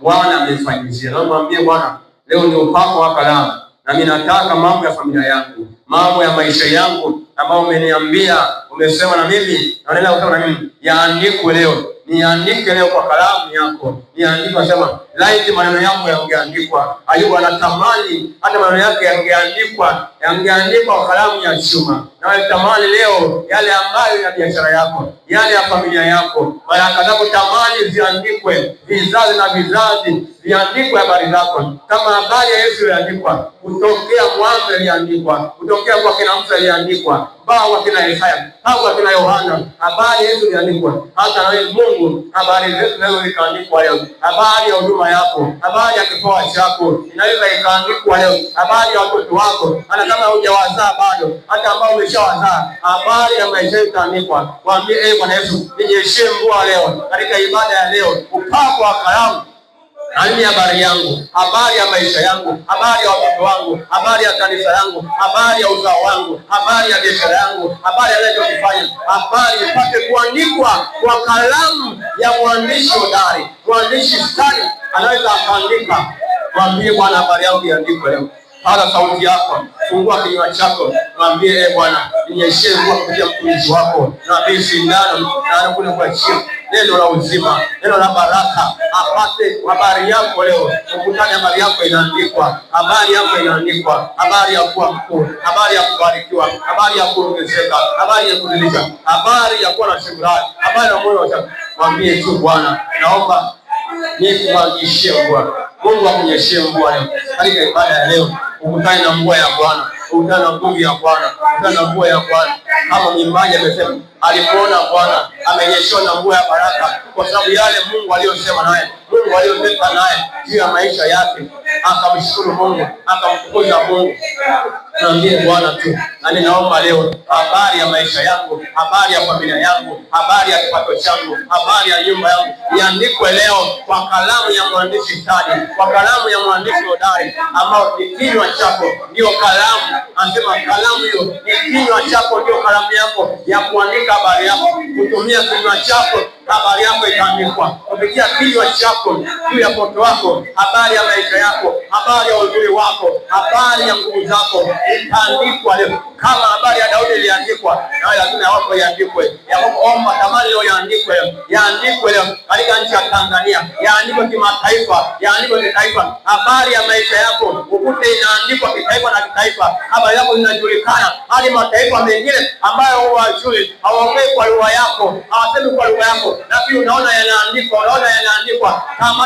Bwana amefanyizia. Na mwambie Bwana, leo ndio upako wa kalamu, nami nataka mambo ya familia yangu, mambo ya maisha yangu ambayo umeniambia umesema na mimi naendelea kusema na mimi, yaandikwe leo, niandike leo kwa kalamu yako, niandike. Sema laiti maneno yangu yangeandikwa. Ayubu anatamani hata maneno yake yangeandikwa, yangeandikwa kwa kalamu ya chuma Nawetamani leo yale ambayo ya biashara yako, yale ya familia yako, baraka zako tamani ziandikwe, vizazi na vizazi viandikwe habari zako, kama habari ya Yesu iliandikwa kutokea mwanzo, iliandikwa kutokea kwa kina Musa, iliandikwa bao kwa kina Isaya au kwa kina Yohana, habari ya Yesu iliandikwa. Hata na Mungu, habari zetu nazo zikaandikwa leo, habari ya huduma yako, habari ya kipawa chako inaweza ikaandikwa leo, habari ya watoto wako, hata kama hujawazaa bado, hata ambao kuwafundisha wazaa habari ya maisha yetu yaliyoandikwa. Waambie, ee Bwana Yesu, nijeshie mvua leo katika ibada ya leo, upako wa kalamu nani habari yangu, habari ya maisha yangu, habari ya watoto wangu, habari ya kanisa yangu, habari ya uzao wangu, habari ya biashara yangu, habari ya ninachokifanya, habari ipate kuandikwa kwa kalamu ya mwandishi hodari, mwandishi stadi, anaweza akaandika. Mwambie Bwana, habari yangu iandikwe leo paza sauti yako, fungua kinywa chako, mwambie e Bwana, ninyeshie nguvu kupitia mtumishi wako, nabii shindano naanakule kuachia neno la uzima, neno la baraka, apate habari yako leo. Mkutane, habari yako inaandikwa, habari yako inaandikwa, habari ya kuwa mkuu, habari ya kubarikiwa, habari ya kuongezeka, habari ya kudilika, habari ya kuwa na shukrani, habari ya moyo wa mwambie tu Bwana, naomba nikumwagishie mvua. Mungu akunyeshe mvua leo katika ibada ya leo ukutane na mvua ya Bwana, ukutane na nguvu ya Bwana, ukutane na mvua ya Bwana. Kama mwimbaji amesema, alimuona Bwana amenyeshewa na mvua ya baraka, kwa sababu yale Mungu aliyosema naye, Mungu aliyotenda naye juu ya maisha yake akamshukuru Mungu, akamtukuza Mungu. Naambie Bwana tu, na yaani naomba leo habari ya maisha yangu, habari ya familia yangu, habari ya kipato changu, habari ya nyumba yangu iandikwe leo kwa kalamu ya mwandishi stadi, kwa kalamu ya mwandishi hodari, ambao ni kinywa chako ndio kalamu Anasema kalamu hiyo, kinywa chako ndio kalamu yako ya kuandika habari yako. Kutumia kinywa chako habari yako ikaandikwa, kupitia kinywa chako juu ya moto wako, habari ya maisha yako, habari ya uzuri wako, habari ya nguvu zako itaandikwa leo, kama habari ya Daudi iliandikwa, na lazima wako iandikwe. ya kuomba tamani leo iandikwe, yaandikwe leo katika nchi ya Tanzania, yaandikwe kimataifa, yaandikwe kitaifa, habari ya maisha yako ukute ina mataifa, habari yako inajulikana hadi mataifa mengine ambayo wajui, hawaongei kwa lugha yako, hawasemi kwa lugha yako, lakini unaona yanaandikwa, unaona yanaandikwa kama